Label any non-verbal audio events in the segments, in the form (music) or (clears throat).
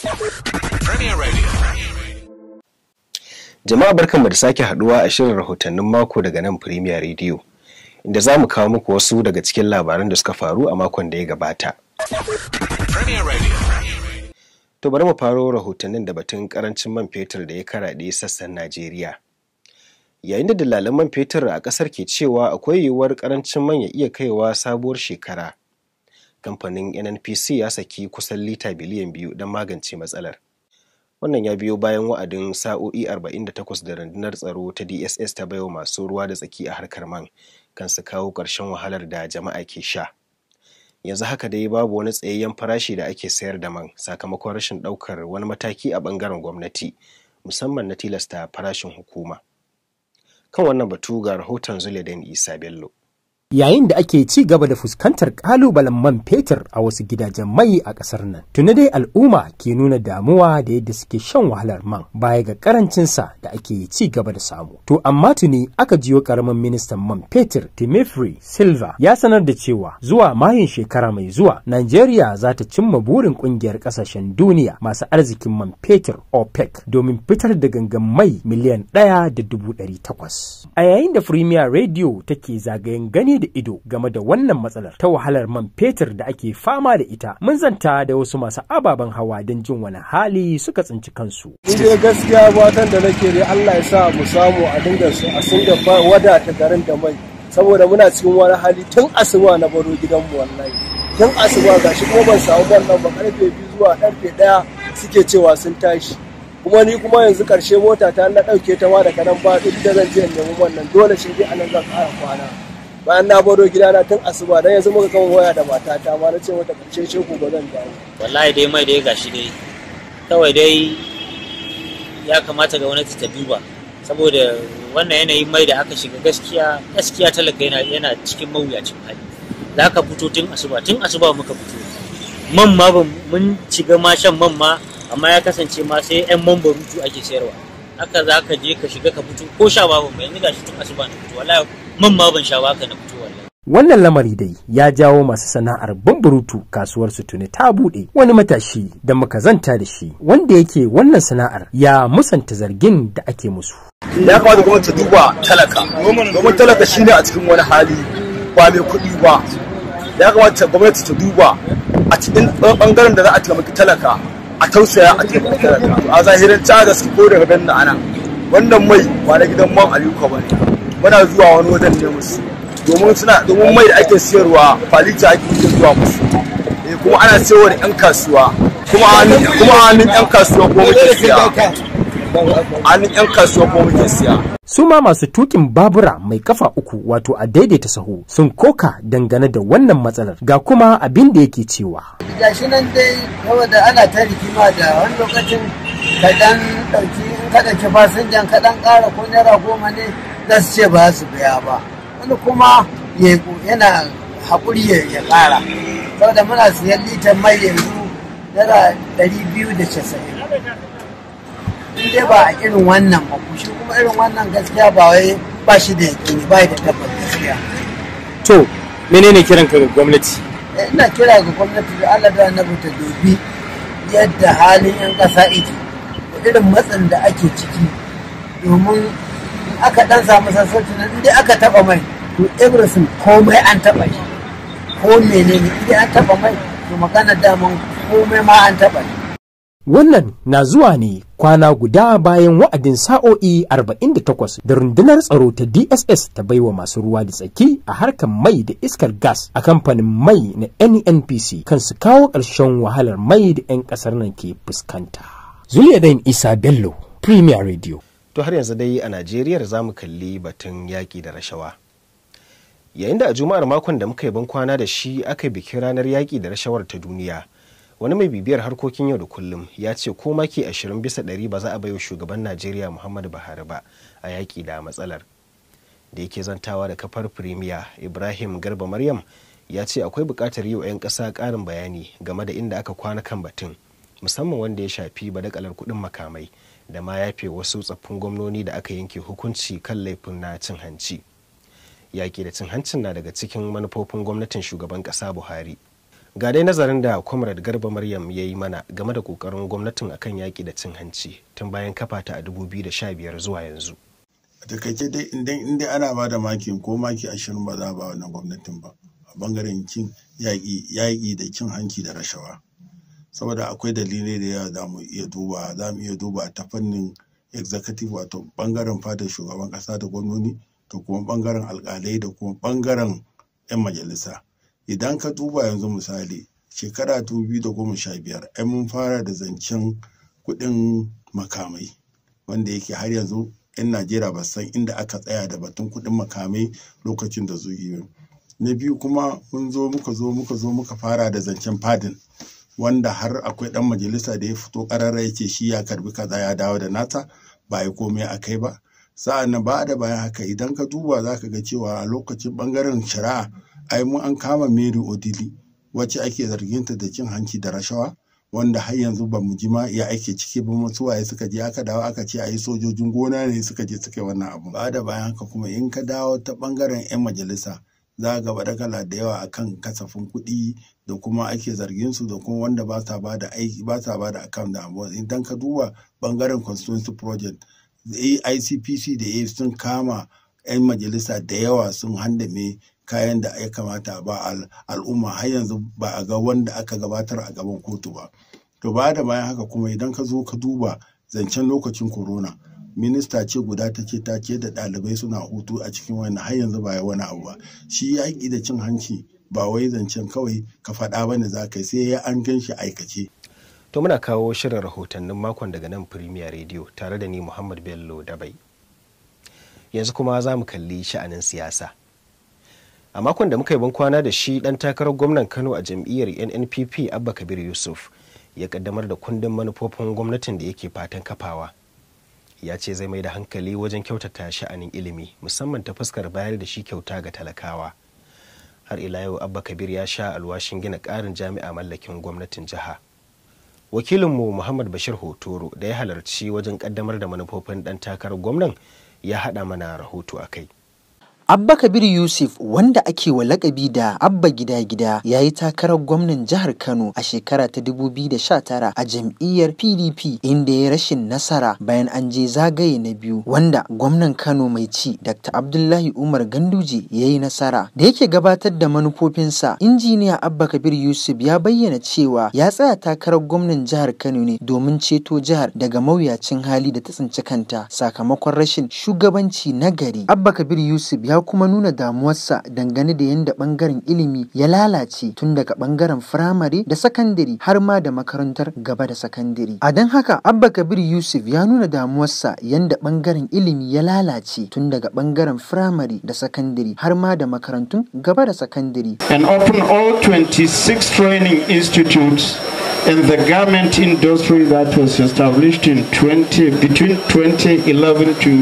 Jama'a Radio. Jama'a barkanmu da sake haduwa a shirin rahotannin mako daga nan Premier Radio. Inda za mu kawo muku wasu daga cikin labaran da suka faru a makon da ya gabata. To bari mu faro rahotannin da batun karancin man fetur da ya karaɗe sassan Najeriya. Yayin da dalalan man fetur a ƙasar ke cewa akwai yiwuwar karancin man ya iya kaiwa sabuwar shekara. kamfanin nnpc ya saki kusan lita biliyan biyu don magance matsalar wannan ya biyo bayan wa'adin sa'o'i 48 da rundunar tsaro ta dss ta wa masu ruwa da tsaki a harkar man kan su kawo ƙarshen wahalar da jama'a ke sha yanzu haka dai babu wani tsayayyen farashi da ake sayar da man sakamakon rashin ɗaukar wani mataki a ɓangaren gwamnati musamman na tilasta farashin hukuma kan wannan batu ga rahoton zuledan isa bello yayin da ake ci gaba da fuskantar kalubalen man fetur a wasu gidajen mai a kasar nan. tuna dai al'umma ke nuna damuwa da yadda suke shan wahalar man baya ga karancinsa da ake ci gaba da samu. To amma tuni aka jiyo karamin ministan man fetur Timothy Silva ya sanar da cewa zuwa mayin shekara mai zuwa Najeriya za ta cimma burin ƙungiyar ƙasashen duniya masu arzikin man fetur OPEC domin fitar da gangan mai miliyan ɗaya da dubu ɗari takwas. A yayin da Premier rediyo take zagayen gani da ido game da wannan matsalar ta wahalar man fetur da ake fama da ita mun zanta da wasu masu ababen hawa don jin wani hali suka tsinci kansu. Ni dai gaskiya watan da nake dai Allah ya sa mu samu a dinga su a sun da ta garin da mai saboda muna cikin wani hali tun asuba na baro gidan mu wallahi tun asuba gashi kuma ban samu nan ba karfe biyu zuwa karfe daya suke cewa sun tashi. kuma ni kuma yanzu karshe mota ta na ɗauke ta ma daga nan ba duk da zan je in nemi wannan dole shi a anan zan ƙara kwana. bayan na baro na tun asuba dan yanzu muka kawo waya da matata ma na ce mata kace ce ku bazan zan dawo wallahi dai mai dai gashi dai kawai dai ya kamata ga wani ta duba saboda wannan yanayin mai da aka shiga gaskiya gaskiya talaka yana yana cikin mawuyacin hali za ka fito tun asuba tun asuba muka fito man ma mun shiga ma shan man ma amma ya kasance ma sai yan man barutu ake sayarwa haka za ka je ka shiga ka fito ko sha babu mai yanzu gashi tun asuba na fito wallahi man ma ban sha baka na fito wallahi Wannan lamari dai ya jawo masu sana'ar bumburutu kasuwar su tuni ta buɗe wani matashi da muka zanta da shi wanda yake wannan sana'ar ya musanta zargin da ake musu. Ya kamata gwamnati duba talaka, domin talaka shi ne a cikin wani hali ba mai kuɗi ba. Ya kamata gwamnati ta duba a cikin ɓangaren da za a taimaki talaka a tausaya a taimaki talaka. A zahirin su ko daga nan ana Wannan mai ba na gidan man ka ba ne. muna zuwa wani wajen ne musu domin suna domin mai da ake siyarwa falita ake yi zuwa musu eh kuma ana siyarwa da yan kasuwa kuma kuma hannun yan kasuwa ko muke siya ani yan kasuwa ko muke siya su ma masu tukin babura mai kafa uku wato a daidaita sahu sun koka dangane da wannan matsalar ga kuma abin da yake cewa gashi nan dai saboda ana ta rikima da wani lokacin kadan ɗauki kaɗa ki fasinjan kaɗan ƙara ko naira goma ne za su ce ba su biya ba wani kuma yana haƙuri ya ƙara da muna siyan litan mai yanzu naira ɗari biyu da casa'in in dai ba a irin wannan ba shi kuma irin wannan gaskiya ba wai ba shi da yaƙini ba da tabbas gaskiya to menene kiran ka ga gwamnati eh, ina kira ga gwamnati da Allah da annabi ta dubi yadda halin yan ƙasa yake da irin matsin da ake ciki domin aka dan samu sassauci na inda aka taba mai to everything komai an taba shi ko menene idan an taba mai to magana daman komai ma an taba shi Wannan na zuwa ne kwana guda bayan wa'adin sa'o'i 48 da rundunar tsaro ta DSS ta baiwa masu ruwa da tsaki a harkar mai da iskar gas a kamfanin mai na NNPC kan su kawo ƙarshen wahalar mai da 'yan ƙasar nan ke fuskanta. zuliya Isa Bello, Premier Radio. to har yanzu dai a najeriya za mu kalli batun yaƙi da rashawa yayin da a juma'ar makon da muka yi ban kwana da shi aka yi bikin ranar yaƙi da rashawar ta duniya wani mai bibiyar harkokin yau da kullum ya ce ko maki ashirin bisa ɗari ba za a baiwa shugaban najeriya muhammadu buhari ba a yaƙi da matsalar da yake zantawa da kafar firimiya ibrahim garba maryam ya ce akwai buƙatar yi wa 'yan ƙasa ƙarin bayani game da inda aka kwana kan batun musamman wanda ya shafi badakalar kuɗin makamai da ma yafe wasu tsaffin gwamnoni da aka yanke hukunci kan laifin na cin hanci yaƙi da cin hancin na daga cikin manufofin gwamnatin shugaban ƙasa buhari ga dai nazarin da comrade garba maryam ya yi mana game da ƙoƙarin gwamnatin akan yaƙi da cin hanci tun bayan kafa ta a biyar zuwa yanzu a takaice dai inda inda ana ba da maki ko maki ashirin ba za a ba wannan gwamnatin ba a bangaren yaƙi da cin hanci da rashawa saboda akwai dalilai da yawa za mu iya duba za mu iya duba ta fannin executive wato bangaren fadar shugaban kasa da gwamnoni da kuma bangaren alkalai da kuma bangaren 'yan majalisa idan ka duba yanzu misali shekara 2015 ai mun fara da zancen kuɗin makamai wanda yake har yanzu 'yan najeriya ba san inda aka tsaya da batun kuɗin makamai lokacin da zuwa na biyu kuma mun zo muka zo muka zo muka fara da zancen fadin wanda har akwai ɗan majalisa da ya fito ƙararra ya ce shi ya karbi kaza ya dawo da nata ba ya komai a kai ba sa'an ba da bayan haka idan ka duba za ka ga cewa a lokacin ɓangaren shari'a ai mu an kama mary odili wacce ake zargin ta da cin hanci da rashawa wanda har yanzu ba mu ji ma ya ake ciki ba wasu waye suka je aka dawo aka ce ayi sojojin gona ne suka je suka yi wannan abu ba da bayan haka kuma in ka dawo ta bangaren yan majalisa za ga badakala da yawa akan kasafin kuɗi da kuma ake zargin su da kuma wanda ba sa ba da aiki ba sa ba da account da abuwa idan ka duba bangaren constituency project ICPC da ya sun kama 'yan majalisa da yawa sun handame kayan da ya kamata ba al'umma har yanzu ba a ga wanda aka gabatar a gaban kotu ba to ba da bayan haka kuma idan ka zo ka duba zancen lokacin corona minista ce guda ta ce ta ce da ɗalibai suna hutu a cikin wani, har yanzu ba wani abu ba shi ya yi da cin hanci ba wai zancen kawai ka faɗa bane za ka sai ya an gan shi aikace. to muna kawo shirin rahotannin makon daga nan premier radio tare da ni muhammad bello dabai yanzu kuma za mu kalli sha'anin siyasa a makon da muka yi kwana da shi dan takarar gwamnan kano a jam'iyyar nnpp abba kabir yusuf ya kaddamar da kundin manufofin gwamnatin da yake fatan kafawa ya ce zai mai da hankali wajen kyautata sha'anin ilimi musamman ta fuskar bayar da shi kyauta ga talakawa har ila yau abba kabir ya sha alwashin gina ƙarin jami'a mallakin gwamnatin jiha wakilinmu muhammad bashir hotoro da ya halarci wajen ƙaddamar da manufofin ɗan takarar gwamnan ya haɗa mana rahoto a kai Abba Kabir Yusuf wanda ake wa lakabi da Abba Gida Gida ya yi takarar gwamnan jihar Kano a shekara ta 2019 a jam'iyyar PDP inda ya rashin nasara bayan an je zagaye na biyu wanda gwamnan Kano mai ci Dr. Abdullahi Umar Ganduje ya yi nasara. Da yake gabatar da manufofinsa, injiniya Abba Kabir Yusuf ya bayyana cewa ya tsaya takarar gwamnan jihar Kano ne domin ceto jihar daga mawuyacin hali da ta tsinci kanta sakamakon rashin shugabanci na gari. Abba Kabir Yusuf ya Akuma kuma nuna damuwarsa dangane da yadda bangaren ilimi ya lalace tun daga bangaren firamare da sakandare har ma da makarantar gaba da sakandare. A don haka Abba Kabir Yusuf ya nuna damuwarsa yadda bangaren ilimi ya lalace tun daga bangaren firamare da sakandare har ma da makarantun gaba da sakandare. And open all 26 training institutes in the garment industry that was established in 20 between 2011 to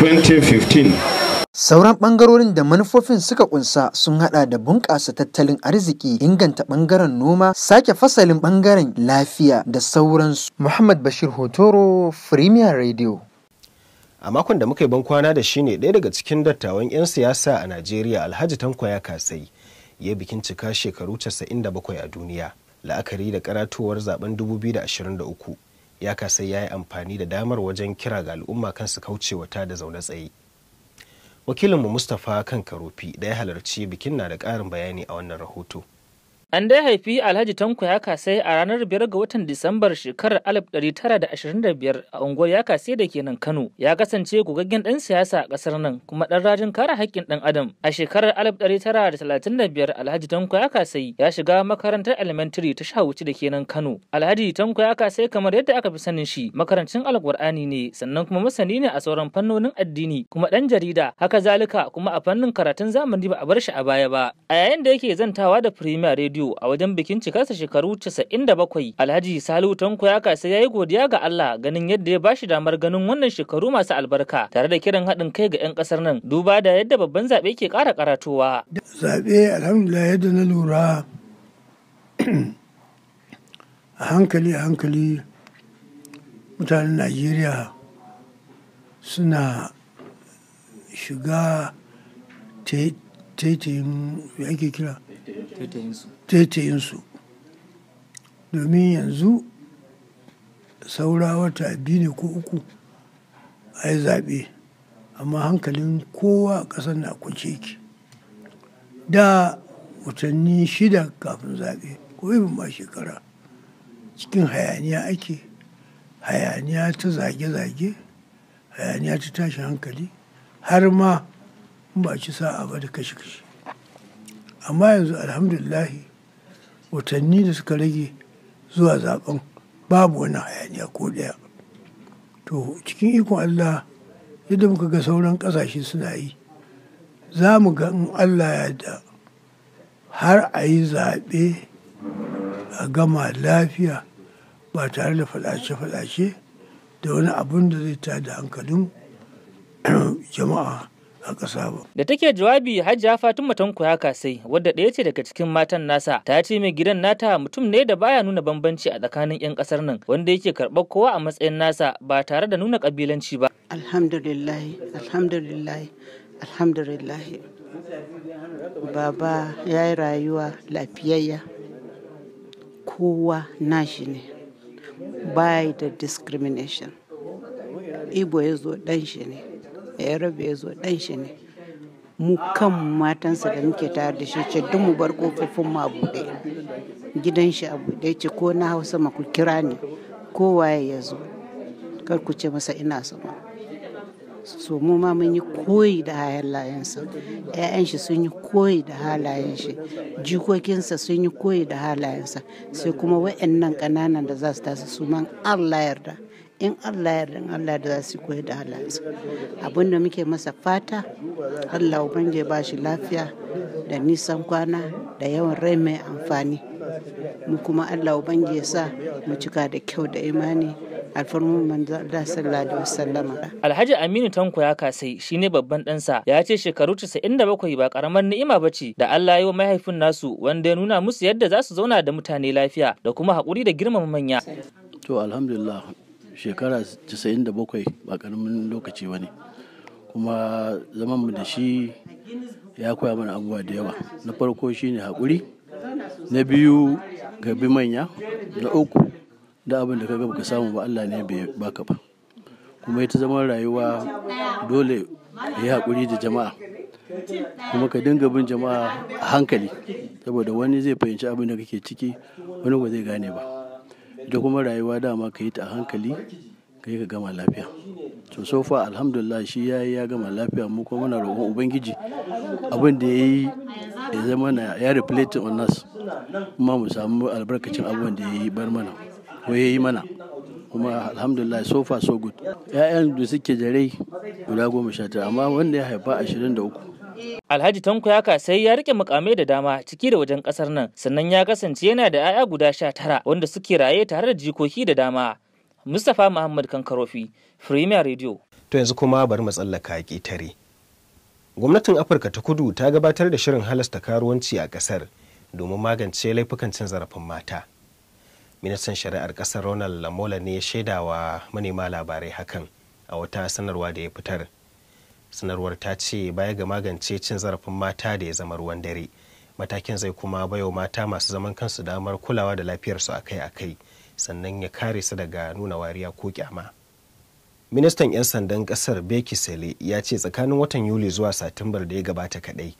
2015. Sauran bangarorin da manufofin suka kunsa sun hada da bunƙasa tattalin arziki, inganta ɓangaren noma, sake fasalin bangaren lafiya da sauransu. Muhammad Bashir Hotoro, Premier Radio. A makon da muka yi bankwana da shi ne ɗaya daga cikin dattawan 'yan siyasa a Najeriya Alhaji Tanko ya kasai ya bikin cika shekaru 97 a duniya. La'akari da karatuwar zaben 2023 ya kasai ya yi amfani da damar wajen kira ga al'umma kan kansu kaucewa ta da zaune tsaye. wakilinmu mustapha kan karofi da ya halarci bikin na da ƙarin bayani a wannan rahoto An dai haifi Alhaji Tanko ya kasai a ranar biyar ga watan Disambar shekarar da 1925 a unguwar ya da ke nan Kano. Ya kasance gogaggen ɗan siyasa a ƙasar nan kuma ɗan rajin kare haƙƙin ɗan adam. A shekarar ɗari tara da 1935 Alhaji Tanko ya kasai ya shiga makarantar elementary ta Shawuci da ke nan Kano. Alhaji Tanko ya kasai kamar yadda aka fi sanin shi makarancin Alƙur'ani ne sannan kuma masani ne a sauran fannonin addini kuma ɗan jarida haka zalika kuma a fannin karatun zamani ba a bar shi a baya ba. A yayin da yake zantawa da Premier rediyo a wajen bikin cikarsa shekaru 97 Alhaji Salihu Tanko ya kasa ya yi godiya ga Allah ganin yadda ya bashi damar ganin wannan shekaru masu albarka tare da kiran haɗin kai ga 'yan ƙasar nan duba da yadda babban zaɓe ke ƙara karatowa. Zaɓe alhamdulillah yadda na lura a hankali a hankali mutanen Najeriya suna shiga taitayin ake taitayinsu domin yanzu saura wata biyu ne ko uku a yi zaɓe amma hankalin kowa a ƙasar na kwance yake da watanni shida kafin zaɓe ko yi ma shekara cikin hayaniya ake hayaniya ta zage-zage hayaniya ta tashi hankali har ma ba ci sa'a ba da kashe-kashe amma yanzu alhamdulillahi watanni da suka rage zuwa zaben babu wani hayaniya ko daya to cikin ikon allah yadda muka ga sauran kasashe suna yi za mu ga in allah ya da har a yi zaɓe a gama lafiya ba tare da falace-falace da wani abun da zai ta da hankalin (clears throat) jama'a a ƙasa ba. Da take jawabi Hajiya Fatima Tanko ya kasai wadda ɗaya ce daga cikin matan nasa ta ce mai gidan nata mutum ne da baya nuna bambanci a tsakanin 'yan ƙasar nan wanda yake karɓar kowa a matsayin nasa ba tare da nuna kabilanci ba. Alhamdulillah, alhamdulillah, alhamdulillah. Baba ya yi rayuwa lafiyayya. Kowa nashi ne. by da discrimination. Igbo ya zo ɗan shi ne. bayarabe ya zo ɗan shi ne mu kan matansa da muke tare da shi ce duk mu bar kofofin mu a buɗe gidan shi a buɗe ce ko na hausa ma ku kira ni kowaye ya zo kar ku ce masa ina sama so mu ma mun yi koyi da halayensa ƴaƴan shi sun yi koyi da halayen shi jikokinsa sun yi koyi da halayensa sai kuma waɗannan ƙananan da za su tasu su man Allah yarda in Allah ya Allah da za su koyi da halayensu abin da muke masa fata Allah ubangiji ba shi lafiya da nisan kwana da yawan rai mai amfani mu kuma Allah bange ya sa mu cika da kyau da imani alfarmin manzo Allah sallallahu alaihi wasallama Alhaji Aminu Tanko ya kasai shine babban ɗansa ya ce shekaru 97 ba karamar ni'ima bace da Allah ya wa mahaifin nasu wanda ya nuna musu yadda za su zauna da mutane lafiya da kuma haƙuri da girmama manya to alhamdulillah shekara 97 ba karamin lokaci ba ne kuma zaman da shi ya koya mana abubuwa da yawa na farko shi ne haƙuri na biyu gabi manya na uku da abin da kaga baka samu ba Allah ne bai baka ba kuma ita zaman rayuwa dole ya yi haƙuri da jama'a kuma ka dinga bin jama'a a hankali saboda wani zai fahimci abin da kake ciki wani ba zai gane ba Ita kuma rayuwa dama ka yi ta a hankali ka yi ka gama lafiya. To so far Alhamdulillah shi ya yi ya gama lafiya mu kuma muna roƙon Ubangiji abin da ya yi ya zama na ya reflecting on us kuma mu samu albarkacin abin da ya yi bar mana ko ya yi mana. Kuma Alhamdulillah so far so good. 'Ya'yan da suke da rai guda goma sha tara amma wanda ya haifa ashirin da uku. Alhaji Tanko ya kasai ya rike mukamai da dama ciki da wajen kasar nan sannan ya kasance yana da 'ya'ya guda sha tara wanda suke raye tare da jikoki da dama. Mustapha Muhammad Kankarofi, Premier Radio. To yanzu kuma bari mu tsallaka ƙetare. Gwamnatin Afirka ta Kudu ta gabatar da shirin halasta karuwanci a ƙasar domin magance laifukan cin zarafin mata. Ministan Shari'ar ƙasar Ronald Lamola ne ya shaidawa manema labarai hakan a wata sanarwa da ya fitar. sanarwar ta ce baya ga magance cin zarafin mata da ya zama ruwan dare matakin zai kuma baiwa mata masu zaman kansu damar kulawa da lafiyarsu akai-akai sannan ya kare su daga nuna wariya ko kyama ministan 'yan sandan kasar beki sele ya ce tsakanin watan yuli zuwa satumbar da ya gabata kadai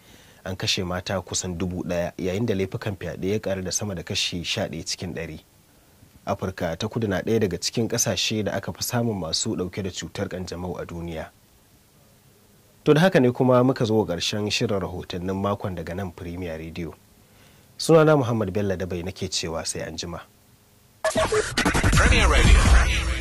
an kashe mata kusan dubu daya yayin da laifukan fyaɗe ya karu da sama da kashi 11 cikin ɗari. afirka ta kudu na ɗaya daga cikin ƙasashe da aka fi samun masu ɗauke da cutar kanjamau a duniya to da haka ne kuma muka zo ƙarshen shirin rahotannin makon daga nan premier radio sunana muhammad bello da bai nake cewa sai an jima premier radio